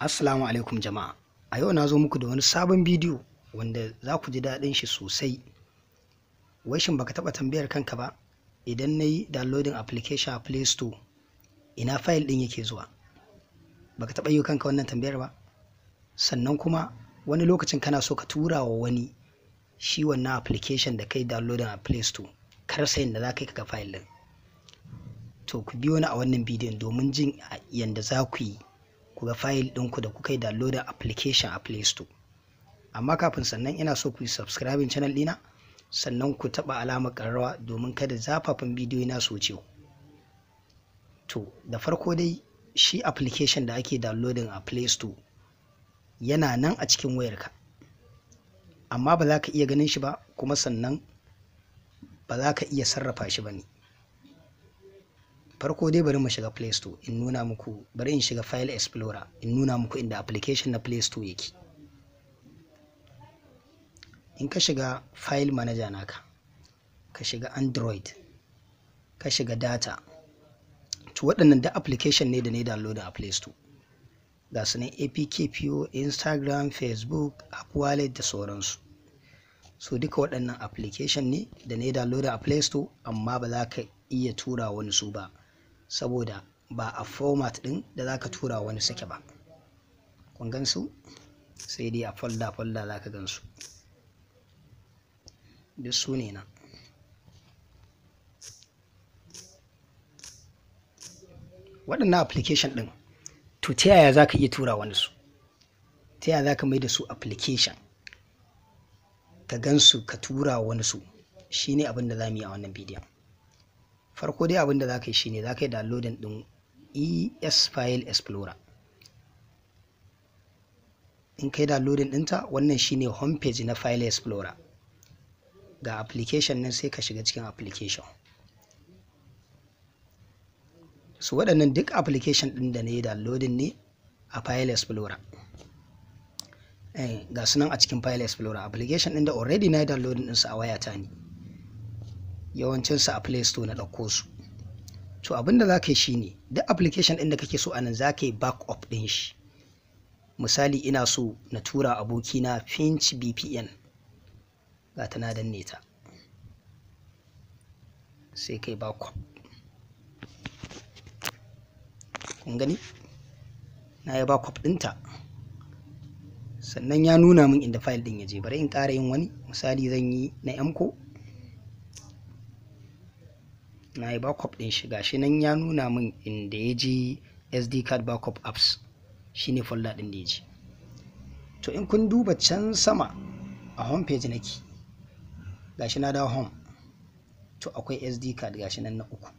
Assalamu alaikum jama'a. A yau na zo muku da wani sabon bidiyo wanda za ku ji daɗin shi sosai. Wai shin baka taɓa tambayar kanka ba idan na yi downloading application a Play Store ina fayil ɗin yake zuwa? Baka taɓa yi kanka wannan tambayar ba? Sannan kuma wani lokacin kana so ka tura wa wani shi wannan application da kai downloading a Play Store kar sai da za ka yi ka ga fayil ɗin. To ku biyo ni a wannan bidiyon domin jin yadda za ku yi ku ga fayil ɗinku da kuka yi downloading application a play store amma kafin sannan ina so ku yi subscribing channel ɗina sannan ku taɓa alamar ƙararrawa domin kada zafafin bidiyo na su wuce to da farko dai shi application da ake downloading a play store yana nan a cikin wayarka amma ba za ka iya ganin shi ba kuma sannan ba za ka iya sarrafa shi ba ne farko dai bari mu shiga play store in nuna muku bari in shiga file explorer in nuna muku inda application na play store yake in ka shiga file manager naka ka shiga android ka shiga data to waɗannan da application ne da ne download a play store ga su ne apk po instagram facebook app wallet da sauransu so duka waɗannan application ne da ne download a play store amma ba za ka iya tura wani su ba saboda ba a format ɗin da zaka tura wani sake ba kun gansu sai dai a folda folda za ka gansu duk su ne na waɗannan application ɗin to ta yaya za ka iya tura wani su ta yaya za ka mai da su application ka gansu ka tura wani su shine abin da za mu yi a wannan bidiyon farko dai abinda za ka yi shine za ka yi downloading din es file explorer in ka yi downloading dinta wannan shine homepage na file explorer ga application nan sai ka shiga cikin application su so, waɗannan duk application ɗin da na yi downloading ne a file explorer eh, ga sunan a cikin file explorer application ɗin da already na yi downloading ɗinsu a wayata ne yawancinsu a play store na ɗauko su to abinda da za yi shi ne duk application ɗin da kake so anan za ka yi backup ɗin shi misali ina so na tura abokina finch bpn ga ta na danne ta sai kai backup kun gani na yi backup ɗinta sannan ya nuna min inda file ɗin ya je bari in ƙara yin wani misali zan yi na mko na yi backup ɗin shi gashi nan ya nuna min inda ya je sd card backup apps shine folder ɗin da ya ji to in kun duba can sama a home page nake gashi na dawo home to akwai sd card gashi nan na uku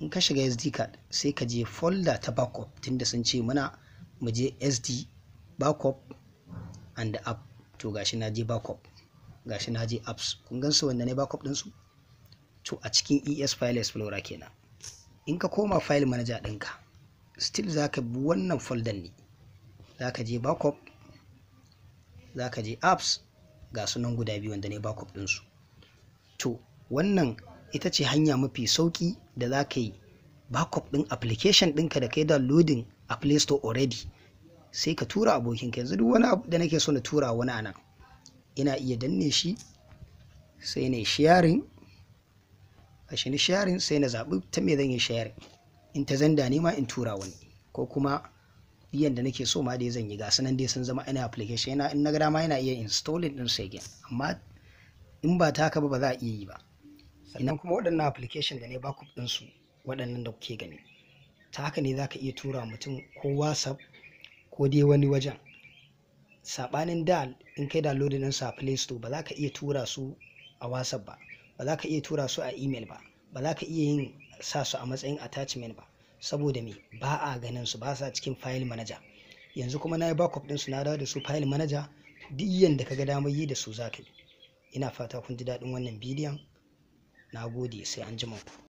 in ka shiga sd card sai ka je folder ta backup tunda sun ce muna mu je sd backup and app to gashi na je backup gashi na je apps kun gan su wanda ne backup ɗinsu su to a cikin es file explorer kenan in ka koma file manager ɗinka still za ka bi wannan folder ne za ka je backup za ka je apps ga sunan guda biyu wanda ne backup ɗinsu to wannan ita ce hanya mafi sauƙi da za ka yi backup ɗin application ɗinka da kai da loading a play store already sai ka tura abokinka yanzu duk wani abu da nake so na tura wani anan ina iya danne shi sai ne sharing gashi ni sharing sai na zaɓi ta me zan yi sharing in ta zanda ne ma in tura wani ko kuma biyan da nake so ma dai zan yi ga sanan dai sun zama ina application yana in na ga dama yana iya installing din su amma in ba ta ka ba ba za a iya yi ba sannan kuma waɗannan application da ne backup din su waɗannan da kuke gani ta haka ne zaka iya tura mutum ko whatsapp ko dai wani wajen Saɓanin da in kai downloading din sa a play store ba za ka iya tura su a whatsapp ba ba za ka iya tura su a imel ba ba za ka iya yin sa su a matsayin attachment ba saboda me ba a ganin su ba sa cikin file manager yanzu kuma na yi backup din su na dawo da su file manager duk yanda ka ga damar yi da su za ka yi ina fata kun ji daɗin wannan bidiyon na gode sai an jima ku